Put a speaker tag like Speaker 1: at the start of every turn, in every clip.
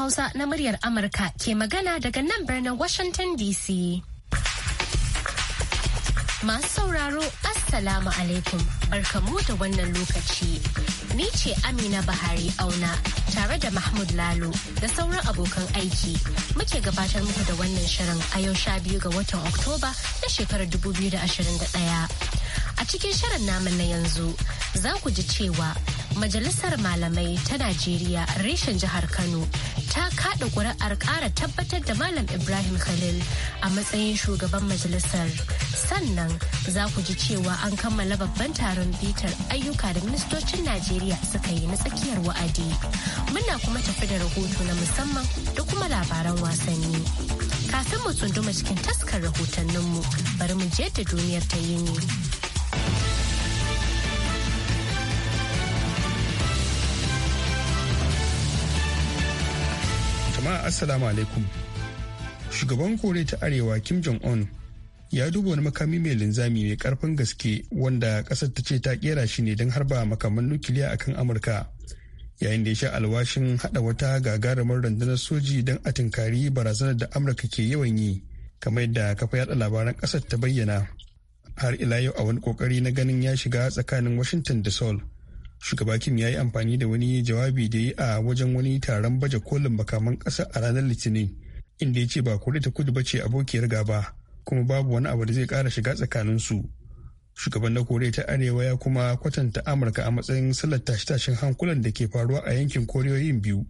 Speaker 1: Hausa na muryar Amurka ke magana daga nan birnin Washington DC. Masu sauraro, Assalamu alaikum, barkamu da wannan lokaci. Ni ce Amina Bahari Auna tare da Mahmud Lalo da sauran abokan aiki muke gabatar muku da wannan shirin a yau sha biyu ga watan Oktoba na shekarar 2021. A cikin shirin namun na yanzu za ku ji cewa Majalisar Malamai ta Najeriya reshen jihar Kano ta kaɗa ƙuri'ar ƙara tabbatar da Malam Ibrahim Khalil a matsayin shugaban majalisar. Sannan za ku ji cewa an kammala babban taron bitar ayyuka da ministocin Najeriya suka yi na tsakiyar wa'adi. Muna kuma tafi da rahoto na musamman da kuma labaran wasanni. Kafin mu tsunduma cikin taskar rahotanninmu bari mu je da duniyar ta yi ne.
Speaker 2: jama'a assalamu alaikum shugaban kore ta arewa kim jong un ya duba wani makami mai linzami mai karfin gaske wanda kasar ta ce ta kera shi ne don harba makaman nukiliya akan amurka yayin da ya sha alwashin hada wata gagarumar rundunar soji don a tunkari barazanar da amurka ke yawan yi kamar yadda kafa yada labaran kasar ta bayyana har ila yau a wani kokari na ganin ya shiga tsakanin washington da seoul shugaba kim ya yi amfani da wani jawabi da yi a wajen wani taron baje kolin makaman ƙasa a ranar litinin inda ya ce ba kuri ta kudu bace abokiyar gaba kuma babu wani abu da zai kara shiga tsakaninsu shugaban na koriya ta arewa ya kuma kwatanta amurka a matsayin sallar tashe-tashen hankulan da ke faruwa a yankin koriyoyin biyu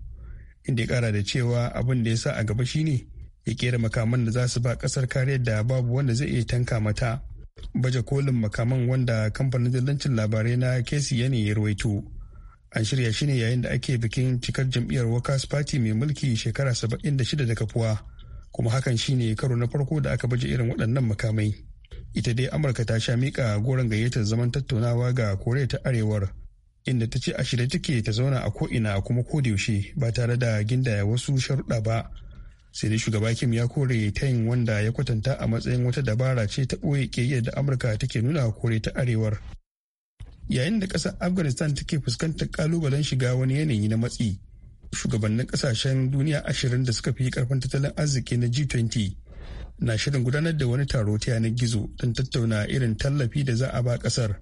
Speaker 2: inda ya kara da cewa abin da ya sa a gaba shine ya kera makaman da za su ba kasar kariyar da babu wanda zai iya tanka mata baje kolin makaman wanda kamfanin dillancin labarai na kesi ne ya rawaito an shirya shi ne yayin da ake bikin cikar jam'iyyar workers party mai mulki shekara 76 da kafuwa kuma hakan shine karo na farko da aka baje irin waɗannan makamai ita dai amurka ta sha mika goron gayyatar zaman tattaunawa ga koriya ta arewar inda ta ce a shirye take ta zauna a ko'ina kuma ko da yaushe ba tare da gindaya wasu sharuɗa ba sai dai shugaba kim ya kore tayin wanda ya kwatanta a matsayin wata dabara ce ta ɓoye ƙiyayyar da amurka take nuna wa kore ta arewar yayin da ƙasar afghanistan take fuskantar ƙalubalen shiga wani yanayi na matsi shugabannin ƙasashen duniya ashirin da suka fi karfin tattalin arziki na g20 na shirin gudanar da wani taro ta yanar gizo don tattauna irin tallafi da za a ba ƙasar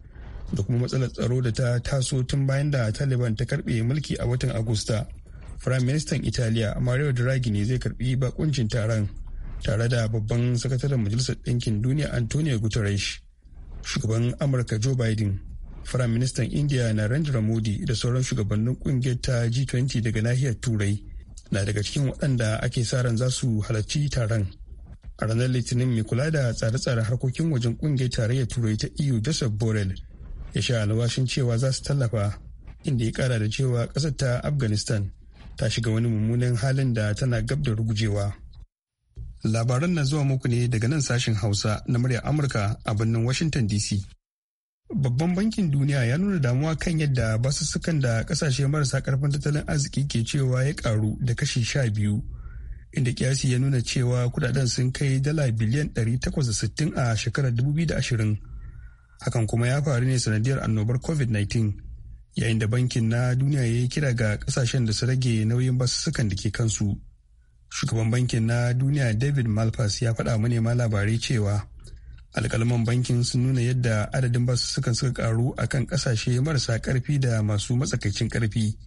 Speaker 2: da kuma matsalar tsaro da ta taso tun bayan da taliban ta karɓe mulki a watan agusta Firayim Ministan Italiya Mario Draghi ne zai karbi bakuncin taron tare da babban sakataren Majalisar Ɗinkin Duniya Antonio Guterres, shugaban Amurka Joe Biden, Firayim Ministan India Narendra Modi da sauran shugabannin kungiyar ta G20 daga nahiyar Turai na daga cikin waɗanda ake sa ran za su halarci taron. A ranar Litinin mai kula da tsare-tsare harkokin wajen kungiyar tarayyar Turai ta EU Joseph Borrell ya sha alwashin cewa za su tallafa inda ya kara da cewa ƙasar ta Afghanistan ta shiga wani mummunan halin da tana gab da rugujewa. Labaran na zuwa muku ne daga nan sashen Hausa na muryar Amurka a birnin Washington DC. Babban bankin duniya ya nuna damuwa kan yadda basussukan da kasashe marasa karfin tattalin arziki ke cewa ya karu da kashi sha biyu, inda kiyasi ya nuna cewa kudaden sun kai dala biliyan ɗari takwas sittin a shekarar 2020. Hakan kuma ya faru ne sanadiyar annobar COVID-19. yayin da bankin na duniya ya yi kira ga kasashen da su rage nauyin basussukan da ke kansu shugaban bankin na duniya david malpass ya faɗa manema labarai cewa alkalman bankin sun nuna yadda adadin basussukan suka karu akan kasashe marasa karfi da masu matsakaicin karfi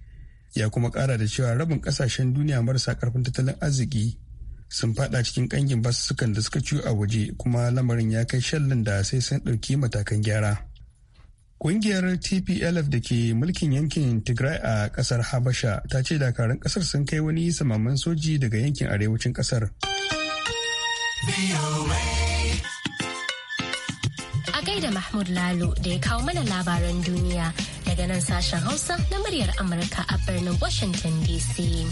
Speaker 2: ya kuma kara da cewa rabin kasashen duniya marasa karfin tattalin arziki sun fada cikin kangin basussukan da suka ciwo a waje kuma lamarin ya kai shallin da sai sun ɗauki matakan gyara Ƙungiyar TPLF da ke mulkin yankin Tigray a ƙasar Habasha ta ce dakarun ƙasar sun kai wani samaman soji daga yankin arewacin ƙasar.
Speaker 1: A gaida Mahmud Lalo da ya kawo mana labaran duniya daga nan sashen Hausa na muryar Amurka a birnin Washington DC.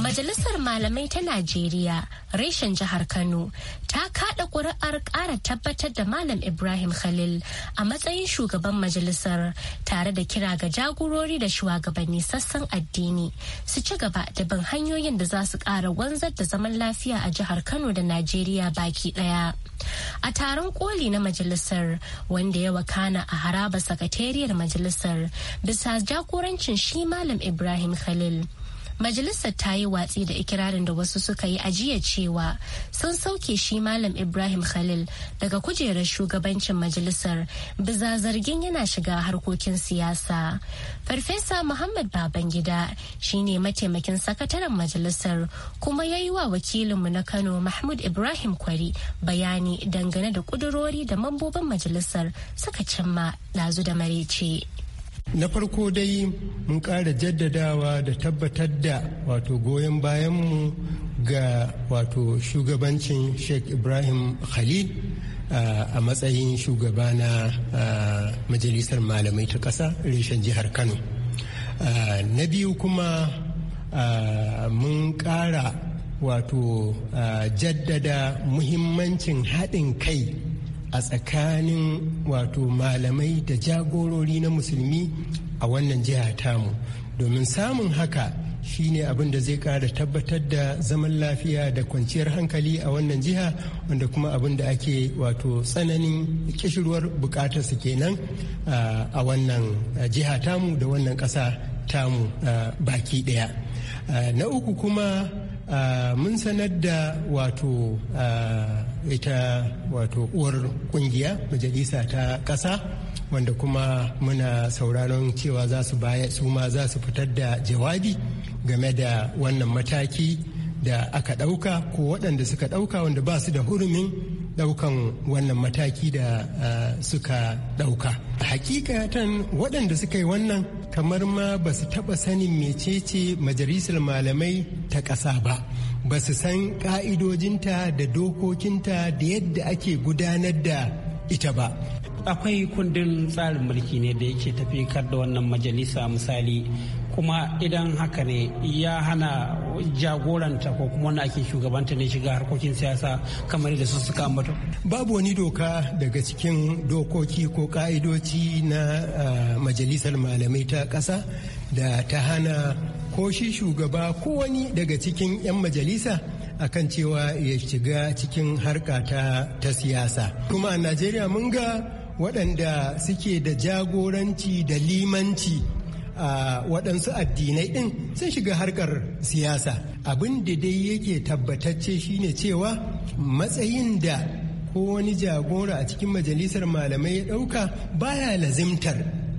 Speaker 1: Majalisar Malamai ta Najeriya, reshen jihar Kano, ta kada ƙuri'ar ƙara tabbatar da Malam Ibrahim Khalil a matsayin shugaban majalisar tare da kira ga jagorori da shugabanni sassan addini su ci gaba da bin hanyoyin da za su ƙara wanzar da zaman lafiya a jihar Kano da Najeriya baki ɗaya. A taron koli na majalisar wanda ya wakana a haraba sakatariyar majalisar bisa jagorancin shi Malam Ibrahim Khalil. Majalisar ta yi watsi da ikirarin da wasu suka yi ajiya cewa sun sauke shi Malam Ibrahim Khalil daga kujerar shugabancin majalisar biza zargin yana shiga harkokin siyasa. Farfesa Muhammad Babangida shine mataimakin sakataren majalisar kuma ya yi wa wakilinmu na Kano Mahmud Ibrahim Kwari bayani dangane da kudurori da mambobin majalisar suka cimma dazu da marece.
Speaker 3: na farko dai mun ƙara jaddadawa da tabbatar da wato goyon bayanmu ga wato shugabancin sheikh ibrahim khalil ah, a matsayin shugaba na ah, majalisar malamai ta ƙasa reshen jihar kano ah, na biyu kuma mun ƙara wato jaddada muhimmancin haɗin kai a tsakanin wato malamai da jagorori na musulmi a wannan jiha tamu domin samun haka shine abin da zai kara tabbatar da zaman lafiya da kwanciyar hankali a wannan jiha wanda kuma abin da ake wato tsananin kishirwar bukatarsa kenan a wannan jiha tamu da wannan ƙasa tamu baki ɗaya na uku kuma Eh, mun sanar da wato eh, ita wato uwar kungiya majalisa ta ƙasa wanda kuma muna sauraron cewa za su baya su ma za su fitar da jawabi game da wannan mataki da aka ɗauka ko waɗanda suka ɗauka wanda ba su da hurumin daukan wannan mataki da eh, suka dauka hakikatan waɗanda suka yi wannan kamar ma ba su taɓa sanin mecece majalisar malamai ta ƙasa ba ba su san ƙa'idojinta da dokokinta da yadda ake gudanar da ita ba akwai kundin tsarin mulki ne da yake tafi kar da wannan majalisa misali kuma idan haka ne ya hana jagoranta ko kuma wanda ake shugabanta ne shiga harkokin siyasa kamar da su suka ambata. Babu wani doka daga cikin dokoki ko ka'idoci na majalisar malamai ta ƙasa da ta hana ko shi shugaba ko wani daga cikin 'yan majalisa akan cewa ya shiga cikin harka ta siyasa. Kuma a Najeriya mun ga waɗanda suke da jagoranci da limanci a waɗansu addinai ɗin sun shiga harkar siyasa abin da dai yake tabbatacce shine cewa matsayin da ko wani jagora a cikin majalisar malamai ya ɗauka baya lazimtar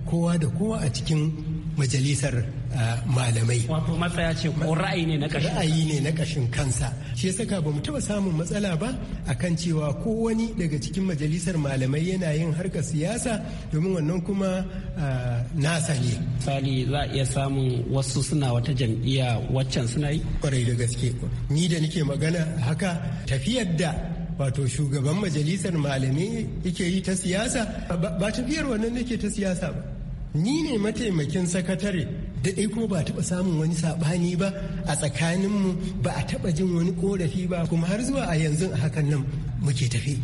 Speaker 3: kowa da kowa a cikin majalisar ah, malamai. Wato matsaya ce ko ra'ayi ne na ƙashin Ra'ayi ne na ƙashin kansa. Shi ya saka bamu taɓa samun matsala ba A kan cewa ko wani daga cikin majalisar malamai yana yin harkar siyasa domin wannan kuma ah, nasa ne. Sali za a iya samun wasu suna wata jam'iyya waccan suna yi? Kwarai da gaske. Ni da nake magana haka tafiyar da wato shugaban majalisar malamai yake yi ta siyasa ba tafiyar wannan nake ta siyasa ba ni ne mataimakin sakatare da kuma ba taɓa samun wani saɓani ba a tsakaninmu ba a taɓa jin wani ƙorafi ba kuma har zuwa a yanzu a hakan nan muke tafi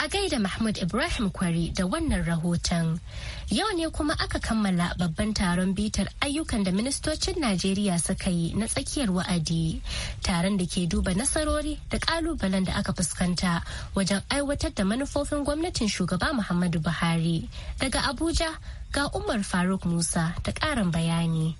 Speaker 1: a gaida Mahmud Ibrahim Kwari da wannan rahoton. Yau ne kuma aka kammala babban taron bitar ayyukan da ministocin Najeriya suka yi na tsakiyar wa'adi, taron da ke duba nasarori da kalubalen da aka fuskanta wajen aiwatar da manufofin gwamnatin shugaba Muhammadu Buhari. Daga Abuja, Ga Umar Faruk Musa ta ƙarin bayani.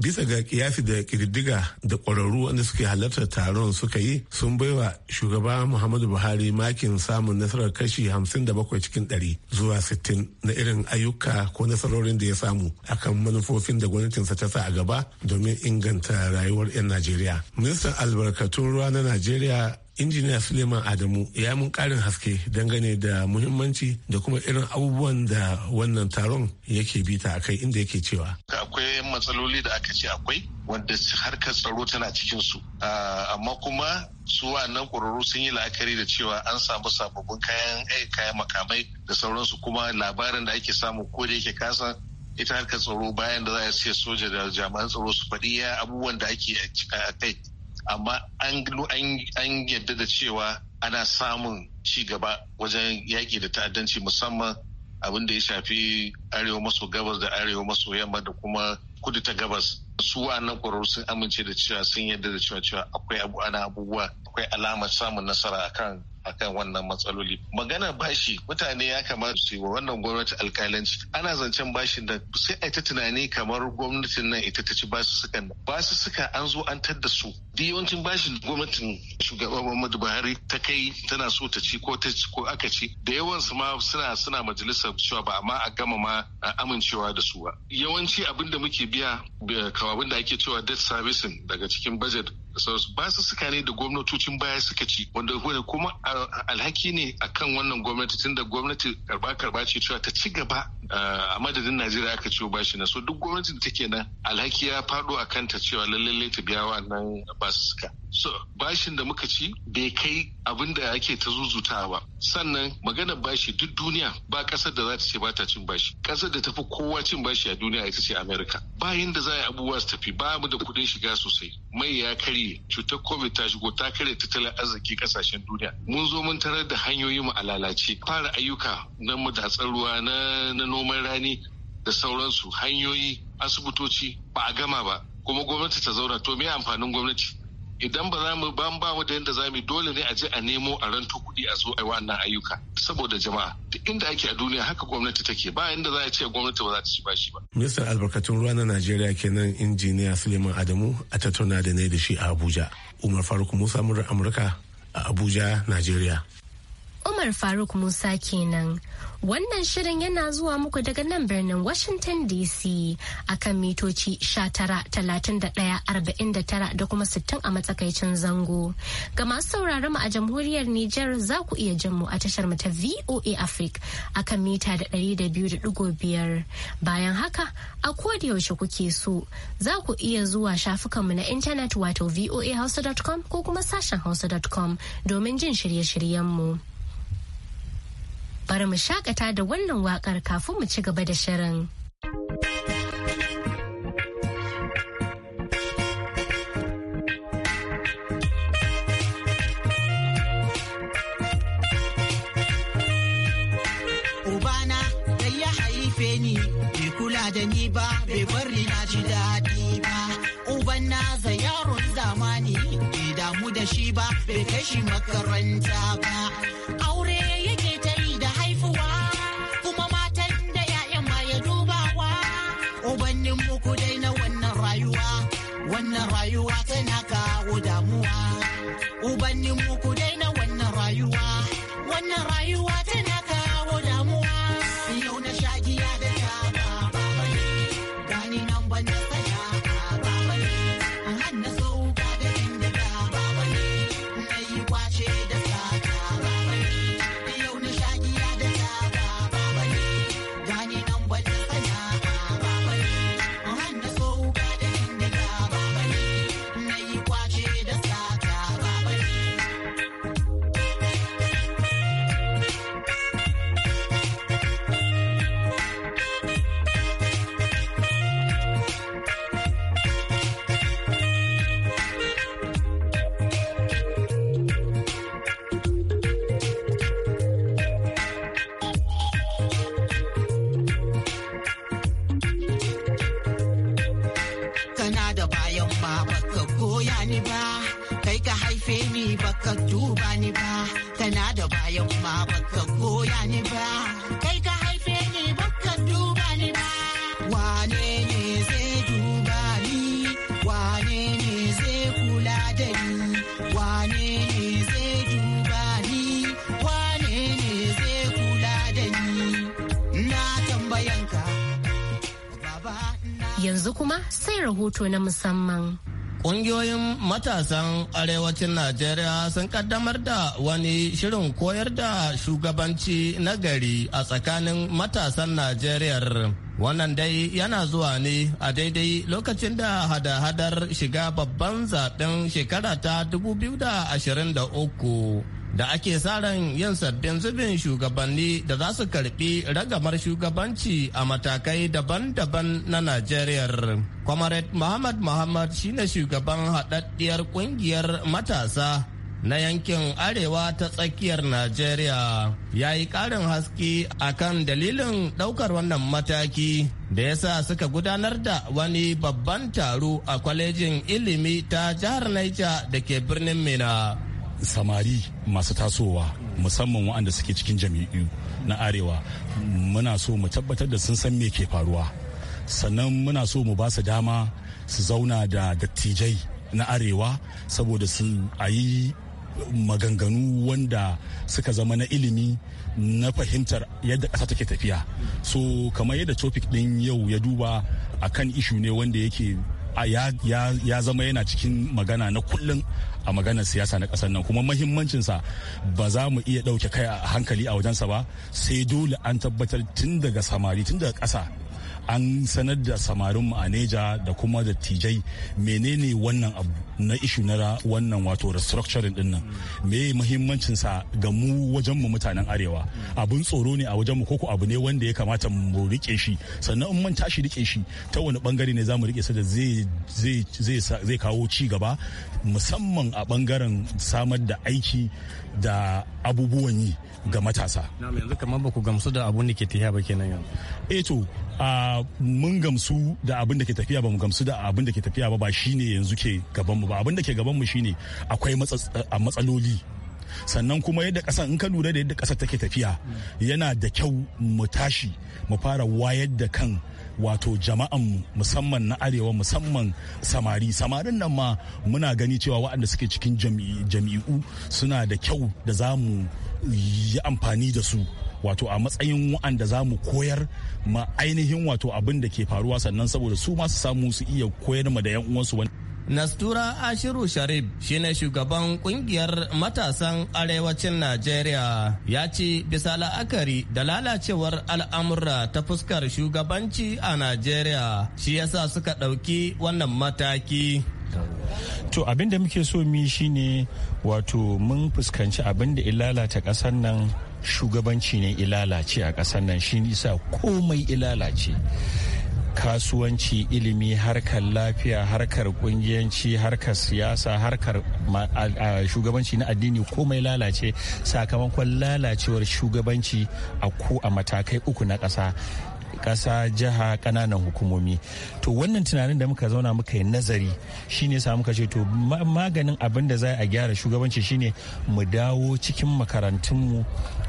Speaker 4: bisa ga kiyafi da kirdiga da ƙwararru wanda suke halartar taron suka yi sun baiwa shugaba muhammadu buhari makin samun nasarar kashi 57 cikin 100 zuwa 60 na irin ayyuka ko nasarorin da ya samu akan manufofin da gwamnatinsa ta sa a gaba domin inganta rayuwar 'yan najeriya ministan albarkatun ruwa na najeriya injiniya suleiman adamu ya mun karin haske dangane da muhimmanci da kuma irin abubuwan da wannan taron yake bita a kai inda yake cewa akwai matsaloli da aka ce akwai wanda harkar tsaro tana cikinsu ah, amma kuma su nan ƙwararru sun yi la'akari da cewa an samu sababbin kayan eh, kayan makamai da sauransu kuma labarin da ake samu ko da yake kasa ita harkar tsaro bayan da za a ce soja da jami'an tsaro su faɗi ya abubuwan da ake a kai amma an yadda da cewa ana samun ci gaba wajen yaƙi da ta'addanci musamman abin da ya shafi arewa maso gabas da arewa maso yamma da kuma kudu ta gabas su wa'annan ƙwararru sun amince da cewa sun yadda da cewa cewa akwai abu ana abubuwa akwai alamar samun nasara akan akan wannan matsaloli magana bashi mutane ya kamata su wa wannan gwamnati alkalanci ana zancen bashin da sai a ta tunani kamar gwamnatin nan ita ta ci basu sukan basu suka an zo an tadda su duk yawancin bashin gwamnatin shugaban Muhammadu Buhari ta kai tana so ta ci ko ta ci ko aka ci da yawan su ma suna suna majalisa cewa ba amma a gama ma amincewa da su ba yawanci abin da muke biya kawabin da ake cewa debt servicing daga cikin budget ba su suka ne da gwamnatocin baya suka ci wanda kuma alhaki ne akan wannan gwamnati tunda gwamnati karba karba ce cewa ta ci gaba a madadin najeriya aka ciwo bashi na so duk gwamnatin da take nan alhaki ya faɗo a kanta cewa lallai ta biya ba su suka so bashin da muka ci bai kai abin da ake ta zuzutawa ba sannan maganar bashi duk duniya ba ƙasar da za ta ce ba ta cin bashi ƙasar da tafi kowa cin bashi a duniya ita ce amerika bayan da za a yi abubuwa su tafi ba mu da kuɗin shiga sosai mai ya karye cutar covid ta shigo ta karye tattalin arziki kasashen duniya mun zo mun tarar da hanyoyin mu a lalace fara ayyuka na da ruwa na noman rani da sauransu hanyoyi asibitoci ba a gama ba kuma gwamnati ta zauna to me amfanin gwamnati idan ba za mu ban ba mu da yadda za mu dole ne a je a nemo a ranto kuɗi a zo a yi wannan ayyuka saboda jama'a da inda ake a duniya haka gwamnati take ba da za a ce gwamnati ba za ta ci bashi ba. ministan albarkatun ruwa na najeriya kenan injiniya suleiman adamu a tattauna da ne da shi a abuja umar faruk musa murar amurka a abuja najeriya.
Speaker 1: Umar Faruk Musa kenan. Wannan shirin yana zuwa muku daga nan birnin Washington DC akan mitoci 19,31,49 da kuma 60 a matsakaicin zango. Ga masu sauraron mu a jamhuriyar Nijar za ku iya jin mu a tashar mu ta VOA Africa akan mita da 200.5. Bayan haka, a koda yaushe kuke so, za ku iya zuwa shafukanmu na intanet wato voahausa.com ko kuma sashen hausa.com domin jin shirye shiryen mu. bari mu shakata da wannan wakar kafin mu ci gaba da shirin.
Speaker 5: Ubana da ya haife ni, bai kula da ni ba, bai ni na ji daɗi ba. Uban na za yaron zamani, bai damu da shi ba, bai kai shi makaranta ba.
Speaker 1: Yanzu kuma sai rahoto na musamman. Ƙungiyoyin
Speaker 6: matasan arewacin Najeriya sun kaddamar da wani shirin koyar da shugabanci nagari a tsakanin matasan Najeriya. Wannan dai yana zuwa ne a daidai lokacin da hada-hadar shiga babban zaɓen shekara ta 2023 da ake sa ran yin sabbin zubin shugabanni da za su karbi ragamar shugabanci a matakai daban-daban na Najeriya. Comrade Muhammad Muhammad shine shugaban haɗaɗɗiyar ƙungiyar matasa na yankin arewa ta tsakiyar Najeriya ya yi ƙarin haske a kan dalilin ɗaukar wannan mataki da ya sa suka gudanar da wani babban taro a kwalejin ilimi ta jihar Naija
Speaker 7: da ke birnin Minna. samari masu tasowa musamman waɗanda suke cikin jami'u na arewa muna so mu tabbatar da sun san me ke faruwa sannan muna so mu ba su dama su zauna da dattijai na arewa saboda su a yi maganganu wanda suka zama na ilimi na fahimtar yadda ƙasa take tafiya so kamar yadda topic ɗin yau ya duba akan ishu ne wanda yake ya zama yana cikin magana na kullum a maganar siyasa na ƙasar nan kuma mahimmancinsa ba za mu iya ɗauke kai a hankali a wajensa ba sai dole an tabbatar tun daga samari tun daga ƙasa an sanar da samarin mu a da kuma da tijai menene wannan abu na ishu na wannan wato restructuring din nan me muhimmancin sa ga mu wajen mu mutanen arewa abun tsoro ne a wajen mu koko abu ne wanda ya kamata mu rike shi sannan in mun tashi rike shi ta wani bangare ne zamu rike sa da zai zai zai kawo ci gaba musamman a bangaren samar da aiki da abubuwan yi ga matasa. Na yanzu kamar ba ku gamsu da abun da ke tafiya ba kenan yanzu. Eh to a mun gamsu da abin da ke tafiya ba mu gamsu da abin da ke tafiya ba ba shine yanzu ke gaban mu ba abin da ke gaban shi shine akwai matsaloli sannan kuma yadda ƙasa in ka lura da yadda ƙasa take tafiya yana da kyau mu tashi mu fara wayar da kan wato jama'an musamman na arewa musamman samari samarin nan ma muna gani cewa waɗanda suke cikin jami'u suna da kyau da za mu yi amfani da su wato a matsayin wa'anda za mu koyar ma ainihin wato abin da ke faruwa sannan saboda su masu samu su iya koyar ma da 'yan uwansu wani Nastura Ashiru
Speaker 6: Sharif shine shugaban kungiyar matasan arewacin Najeriya ya ce bisa la'akari da lalacewar al'amura ta fuskar shugabanci a Najeriya shi yasa suka ɗauki wannan mataki. To
Speaker 8: abin da muke so mi shine wato mun fuskanci abin da lalata ƙasar nan shugabanci ne ilalace a ƙasar nan shi nisa komai ilalace kasuwanci ilimi harkar lafiya harkar kungiyanci harkar siyasa harkar shugabanci na addini komai lalace sakamakon lalacewar shugabanci a ko a matakai uku na ƙasa ƙasa jiha ƙananan hukumomi to wannan tunanin da muka zauna muka yi nazari shine sa muka ce to maganin abin da za a gyara shugabanci shine mu dawo cikin makarantunmu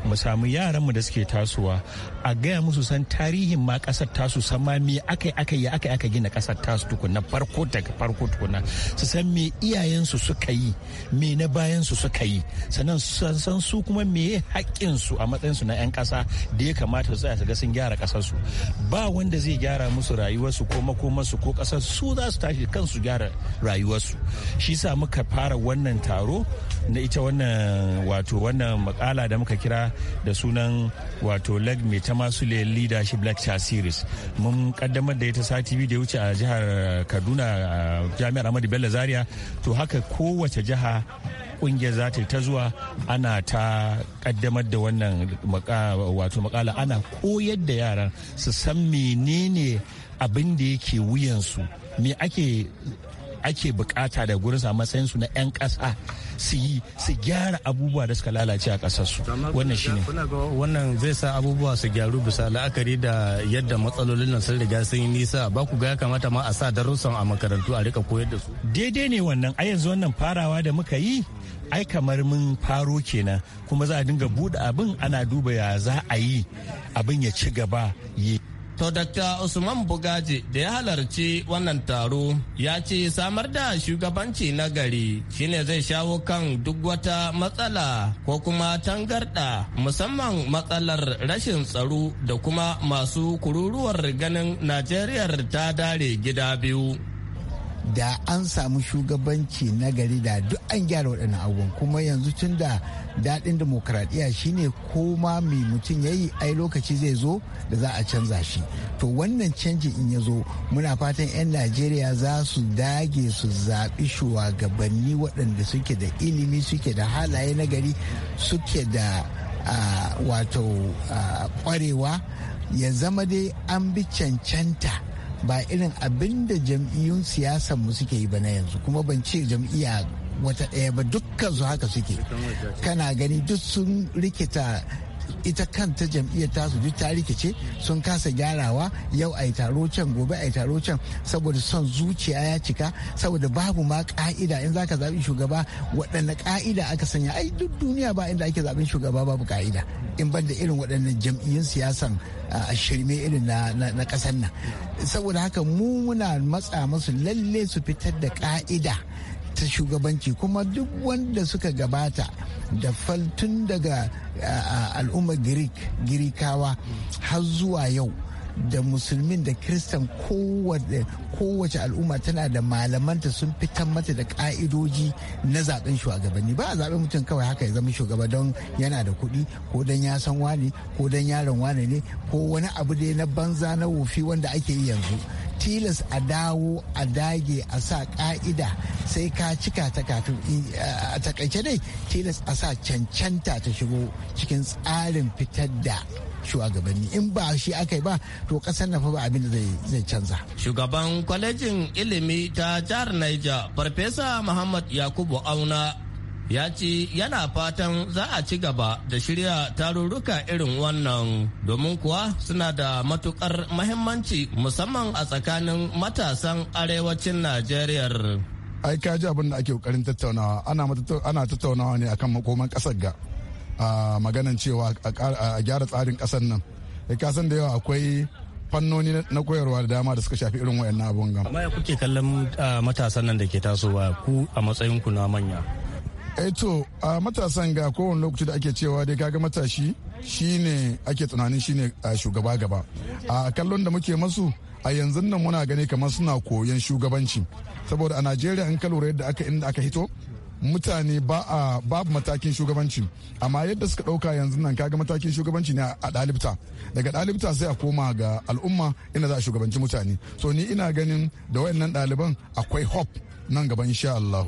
Speaker 8: mu samu mu da suke tasowa a gaya musu san tarihin ma kasar tasu san ma me aka aka yi aka aka gina kasar tasu tukunna farko daga farko tukunna su san me iyayensu suka yi me na bayansu suka yi sannan san su kuma me haƙƙin su a matsayin su na 'yan kasa da ya kamata su su ga sun gyara kasar su ba wanda zai gyara musu rayuwarsu ko su ko kasar su za su tashi kansu gyara rayuwarsu shi sa muka fara wannan taro na ita wannan wato wannan makala da muka kira da sunan wato leg mai ta masule leadership lecture series mun kaddamar da ita sati biyu da wuce a jihar kaduna jami'ar amadu bello zaria to haka kowace jiha kungiyar za ta ta zuwa ana ta kaddamar da wannan wato makala ana koyar da yaran su san menene abin da yake wuyansu me ake ake bukata da gurinsa matsayinsu na 'yan ƙasa su yi su gyara abubuwa da suka lalace a ƙasarsu wannan shine
Speaker 6: wannan zai sa abubuwa su gyaru bisa la'akari da yadda matsalolin nan sun riga sun yi nisa ba ku ga ya kamata ma a sa darussan a makarantu a rika koyar da su daidai ne wannan a yanzu
Speaker 8: wannan farawa da muka yi ai kamar mun faro kenan kuma za a dinga buɗe abin
Speaker 6: ana duba ya za a yi abin ya ci gaba yi. To Dr. Usman Bugaji da ya halarci wannan taro ya ce samar da shugabanci nagari gari shine zai shawo kan duk wata matsala ko kuma tangarda musamman matsalar rashin tsaro da kuma masu kururuwar ganin Najeriya ta dare gida biyu.
Speaker 9: da an samu shugabanci na gari da duk an gyara waɗannan abubuwan kuma yanzu tun da daɗin demokradiyya shine ko ma mai mutum ya yi ai lokaci zai zo da za a canza shi to wannan canji in ya zo muna fatan 'yan najeriya za su dage su zaɓi shugabanni waɗanda suke da ilimi suke da halaye na gari suke da wato ƙwarewa ya zama dai an bi cancanta ba irin abin da jam'iyyun siyasar mu suke yi ba na yanzu kuma ban ce jam'iyya wata ɗaya ba dukkan su haka suke kana gani duk sun rikita ita kanta jam'iyyar ta duk ta rikice sun kasa gyarawa yau a taro can gobe a taro can saboda son zuciya ya cika saboda babu ma ka'ida in zaka zaɓi shugaba waɗanne ka'ida aka sanya ai duk duniya ba inda ake zaɓin shugaba babu ka'ida in ban da irin waɗannan jam'iyyun siyasan a shirme irin na ƙasar nan saboda haka mu muna matsa musu lalle su fitar da ka'ida ta shugabanci kuma duk wanda suka gabata da faltun daga al'ummar greek girikawa har zuwa yau da musulmin da kristan kowace al'umma tana da malamanta sun fitar mata da ka'idoji na zaben shugabanni ba a zaɓe mutum kawai haka ya zama shugaba don yana da kuɗi ko don ya san wani ko don yaron wani ne ko wani abu dai na banza na wofi wanda ake yi yanzu tilas a dawo a dage a sa ka'ida sai ka cika ta kafin eh, a takaice dai tilas a sa cancanta ta shigo cikin tsarin fitar da shugabanni in ba shi aka yi ba to kasar na fa ba abin da zai canza.
Speaker 6: Shugaban kwalejin ilimi ta jihar Niger, Farfesa Muhammad Yakubu Auna ya ce yana fatan za a ci gaba da shirya tarurruka irin wannan domin kuwa suna da matukar mahimmanci musamman a tsakanin matasan arewacin najeriya
Speaker 10: ai ka ji abin da ake kokarin tattaunawa ana tattaunawa ne akan makoman kasar ga maganan cewa a gyara tsarin kasar nan ka san da yawa akwai fannoni na koyarwa da dama da suka shafi irin wayannan abun gam
Speaker 6: amma ya kuke kallon matasan nan da ke tasowa ku a matsayin ku na manya
Speaker 10: eh to a matasan ga kowane lokaci da ake cewa dai kaga matashi shine ake tunanin shine shugaba gaba a kallon da muke masu a yanzu nan muna gani kamar suna koyon shugabanci saboda a najeriya in ka yadda aka inda aka hito mutane ba a babu matakin shugabanci amma yadda suka ɗauka yanzu nan kaga matakin shugabanci ne a ɗalibta daga ɗalibta sai a koma ga al'umma ina za a shugabanci mutane so ni ina ganin da wayannan daliban akwai hope nan gaban insha Allah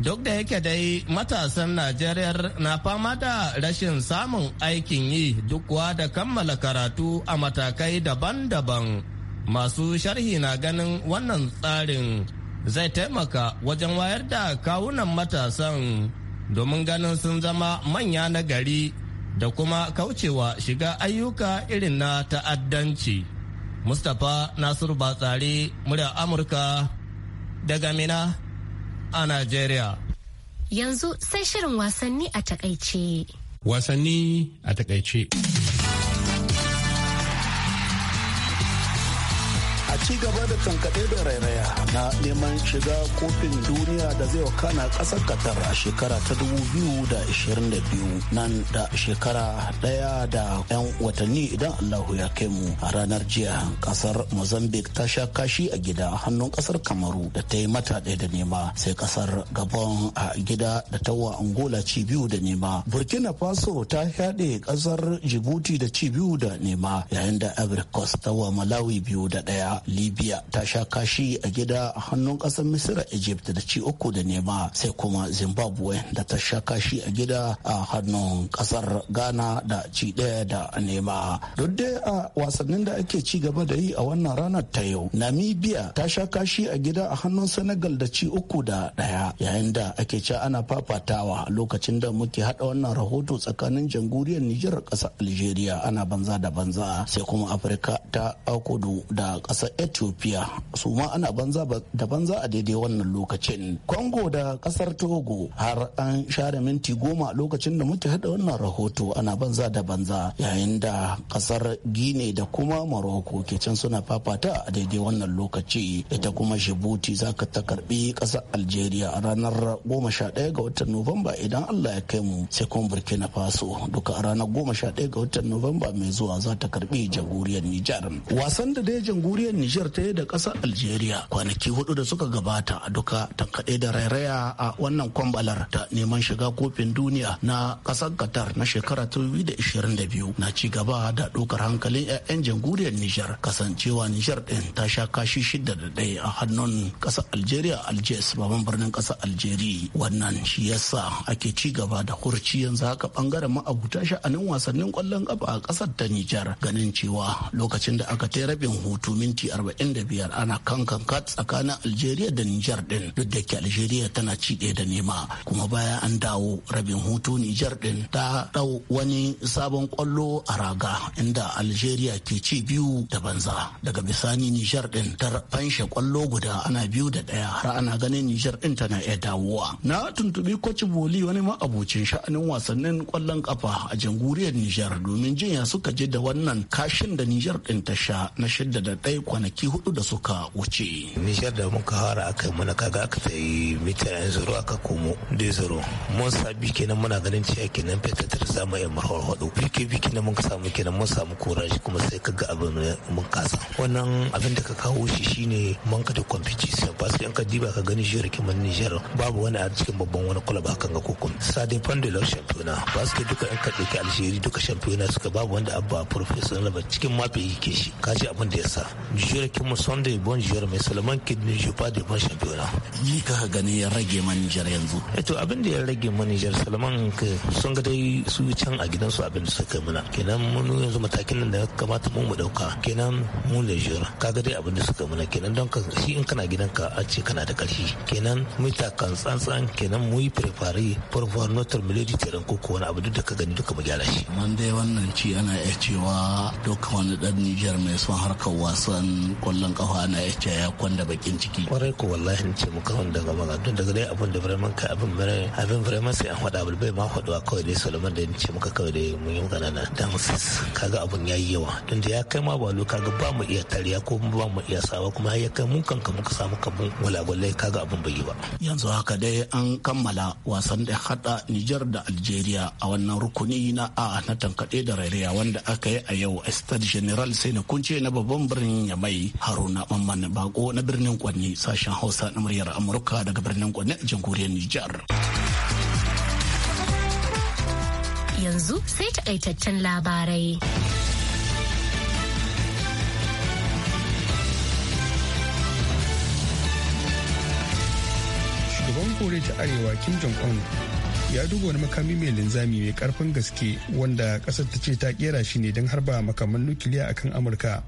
Speaker 6: Duk da yake dai matasan Najeriya na fama da rashin samun aikin yi duk kuwa da kammala karatu a matakai daban-daban. Masu sharhi na ganin wannan tsarin zai taimaka wajen wayar da kawunan matasan domin ganin sun zama manya na gari da kuma kaucewa shiga ayyuka irin na ta'addanci. Mustapha Nasiru Batsari, murya Amurka daga Mina. a Najeriya.
Speaker 1: Yanzu sai shirin wasanni a takaice.
Speaker 2: Wasanni a takaice.
Speaker 10: ci gaba da tankaɗe da rairaya na neman shiga kofin duniya da zai wakana ƙasar Qatar a shekara ta 2022 nan da shekara ɗaya da 'yan watanni idan Allahu ya kai mu a ranar jiya ƙasar Mozambique ta sha kashi a gida hannun ƙasar Kamaru da ta yi mata ɗaya da nema sai ƙasar Gabon a gida da ta wa Angola ci biyu da nema. Burkina Faso ta haɗe ƙasar jibuti da ci biyu da nema yayin da Ivory Coast ta wa Malawi biyu da ɗaya. libya ta sha kashi a gida a hannun kasar misira egypt da ci uku da nema sai kuma zimbabwe da ta sha kashi a gida a hannun kasar ghana da ci daya da nema duk dai a wasannin da ake ci gaba da yi a wannan ranar ta yau namibia ta sha kashi a gida a hannun senegal da ci uku da daya yayin da ake ci ana fafatawa lokacin da muke hada wannan rahoto tsakanin jamhuriyar nijar kasar algeria ana banza da banza sai kuma afirka ta kudu da kasar ethiopia su ma ana banza da banza a daidai wannan lokacin congo da kasar togo har an share minti goma a lokacin da muke hada wannan rahoto ana banza da banza yayin da kasar gine da kuma morocco ke can suna fafata a daidai wannan lokaci ita kuma djibouti za ka ta karbi kasar algeria a ranar goma sha ga watan nuwamba idan allah ya kai mu sai kuma burkina faso duka a ranar goma sha ɗaya ga watan nuwamba mai zuwa za ta karbi jagoriyar nijar wasan da dai jagoriyar nijar Nijar ta da kasar Algeria kwanaki hudu da suka gabata a duka tankaɗe da rairaya a wannan kwambalar ta neman shiga kofin duniya na ƙasar Qatar na shekara 2022 na ci gaba da ɗaukar hankalin 'ya'yan jamhuriyar Nijar kasancewa Nijar ɗin ta sha kashi shida da ɗaya a hannun ƙasar Algeria Algiers babban birnin ƙasar Algeria wannan shi yasa ake ci gaba da hurci yanzu haka ɓangaren ma'abuta sha'anin wasannin ƙwallon ƙafa a ƙasar ta Nijar ganin cewa lokacin da aka ta rabin hutu minti 45 ana kan kanka tsakanin algeria da niger din duk da ke algeria tana ci ɗaya da nema kuma baya an dawo rabin hutu niger din ta ɗau wani sabon kwallo a raga inda algeria ke ci biyu da banza daga bisani niger din ta fanshe kwallo guda ana biyu da ɗaya har ana ganin niger din tana iya dawowa na tuntubi kwaci boli wani ma abocin sha'anin wasannin kwallon kafa a jamhuriyar niger domin jinya suka je da wannan kashin da niger din ta sha na shidda da ɗaya kwanaki kwanaki hudu da suka wuce.
Speaker 11: Nishar da muka hara aka yi mana kaga aka ta yi mitar yan zuru aka komo da zuru. Mun sabi kenan muna ganin cewa kenan feta ta samu yan marhawar hudu. Bike bike na muka samu kenan mun samu korashi kuma sai ka ga abin mun kasa. Wannan abin da ka kawo shi shine man ka da sai ba sai an ka diba ka gani shirin kiman Nijar babu wani a cikin babban wani kulab haka ga kokon. Sade Pandelar Shampiyona ba su duka yan ka ɗauki Algeria duka Shampiyona suka babu wanda abba professional ba cikin mafi yake shi. Ka abin da ya sa. kin mu sunday bon jiyar mai salaman kidney jufa da ban shampiyona ni ka gani ya rage manijar yanzu eh to abin da ya rage manijar salaman sun ga dai su can a gidan su abin da suka muna kenan mun yanzu matakin nan da ya kamata mu mu dauka kenan mu lejiyar kaga dai abin da suka muna kenan don ka shi in kana gidan ka a ce kana da karfi kenan mu ta kan tsantsan
Speaker 10: kenan mu yi prepare notre notar milady tiran ko wani abu duk da ka gani duka mu gyara shi man dai wannan ci ana iya cewa duk wani dan Nijar mai son harkar wasan kwallon kafa na ya ce ya kwanda bakin ciki kwarai ko wallahi in ce muka wanda gaba ga duk daga dai abin da vraiment
Speaker 11: ka abin bare abin vraiment sai an faɗa abin bai ma faɗuwa kawai dai Solomon da ya ce muka kawai dai mun yi magana na dan kaga abun yayi yawa don da ya kai ma balo kaga ba mu iya tariya ko ba mu iya
Speaker 10: sawa kuma ya kai mun kanka muka samu kabun gwalagwalai kaga abin bai yi ba yanzu haka dai an kammala wasan da hada Nijar da Algeria a wannan rukuni na A na tankaɗe da rairaya wanda aka yi a yau a Stade General sai na kunce na babban birnin Yamai yi haruna mamman bako na birnin kwanne sashen hausa na muryar amurka daga birnin kwanne a jamhuriyar nijar
Speaker 1: yanzu sai takaitaccen labarai shugaban koriya ta
Speaker 2: arewa kim jong-un ya duba wani makami mai linzami mai karfin gaske wanda kasar ta ce ta kera shi ne don harba makaman nukiliya akan amurka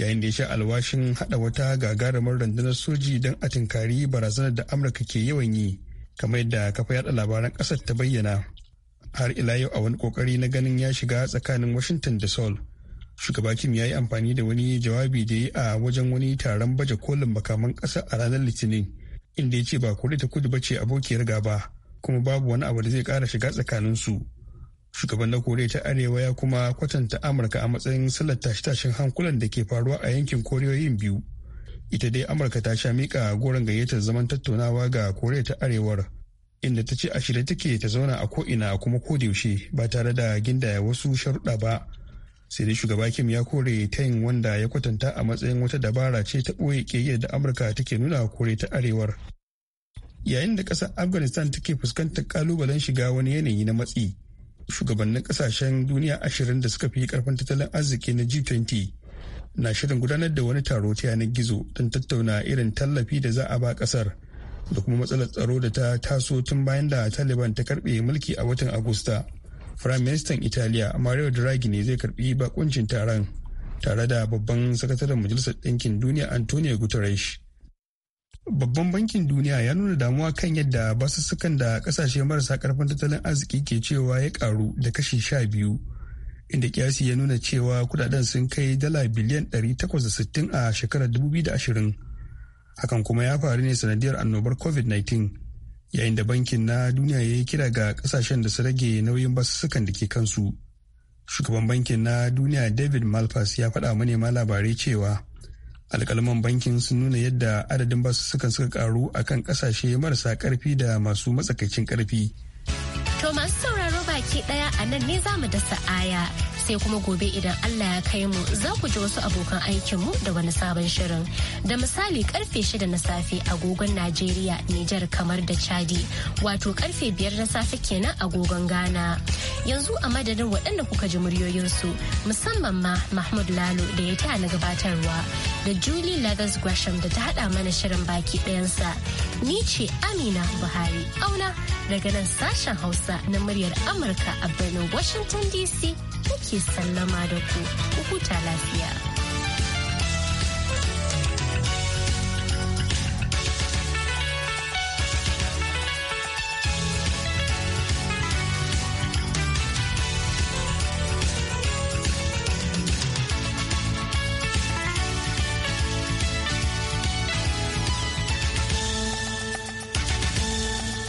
Speaker 2: yayin da ya sha alwashin hada wata gagarumar rundunar soji don a tinkari barazanar da amurka ke yawan yi kamar yadda kafa yada labaran kasar ta bayyana har ila yau a wani kokari na ganin ya shiga tsakanin washington da seoul shugaba kim ya yi amfani da wani jawabi da ya a wajen wani taron baje kolin makaman kasa a ranar litinin inda ya ce ba kuri ta kudu ba ce abokiyar gaba kuma babu wani abu da zai kara shiga tsakaninsu shugaban na koriya ta arewa ya kuma kwatanta amurka a matsayin sallar tashe-tashen hankulan da ke faruwa a yankin koriyoyin biyu ita dai amurka ta sha mika goron gayyatar zaman tattaunawa ga koriya ta arewar inda ta ce a shirye take ta zauna a ko'ina kuma ko yaushe ba tare da gindaya wasu sharuɗa ba sai dai shugaba kim ya kore tayin wanda ya kwatanta a matsayin wata dabara ce ta ɓoye ƙiyayyar da amurka take nuna kore ta arewar yayin da ƙasar afghanistan take fuskantar ƙalubalen shiga wani yanayi na matsi shugabannin kasashen duniya ashirin da suka fi karfin tattalin arziki na g20 na shirin gudanar da wani taro ta yanar gizo don tattauna irin tallafi da za a ba kasar da kuma matsalar tsaro da ta taso tun bayan da taliban ta karbe mulki a watan agusta firayim ministan italiya mario draghi ne zai karbi bakuncin taron tare da babban sakataren majalisar ɗinkin duniya antonio guterres Babban bankin duniya ya nuna damuwa kan yadda basussukan da kasashe marasa karfin tattalin arziki ke cewa ya karu da kashi sha biyu inda kiyasi ya nuna cewa kudaden sun kai dala biliyan 860 a shekarar 2020 hakan kuma ya faru ne sanadiyar annobar covid-19 yayin da bankin na duniya ya yi kira ga kasashen da su rage nauyin basussukan da ke kansu shugaban bankin na duniya david malpass ya faɗa manema labarai cewa alkalman bankin sun nuna yadda adadin basu suka suka karu a kan kasashe marasa karfi da masu matsakaicin karfi
Speaker 1: to masu sauraro baki daya a nan ne za mu dasa aya sai kuma gobe idan Allah ya kai mu za ku ji wasu abokan aikinmu da wani sabon shirin. Da misali karfe shida na safe agogon Najeriya, Nijar kamar da Chadi, wato karfe biyar na safe kenan agogon Ghana. Yanzu a madadin waɗanda kuka ji muryoyin su musamman ma Mahmud Lalo da ya tana na gabatarwa da Julie lagos Gresham da ta hada mana shirin baki ɗayansa. Ni ce Amina Buhari, auna daga nan sashen Hausa na muryar Amurka. Amurka a birnin Washington DC yake sallama da ku. Ku huta lafiya.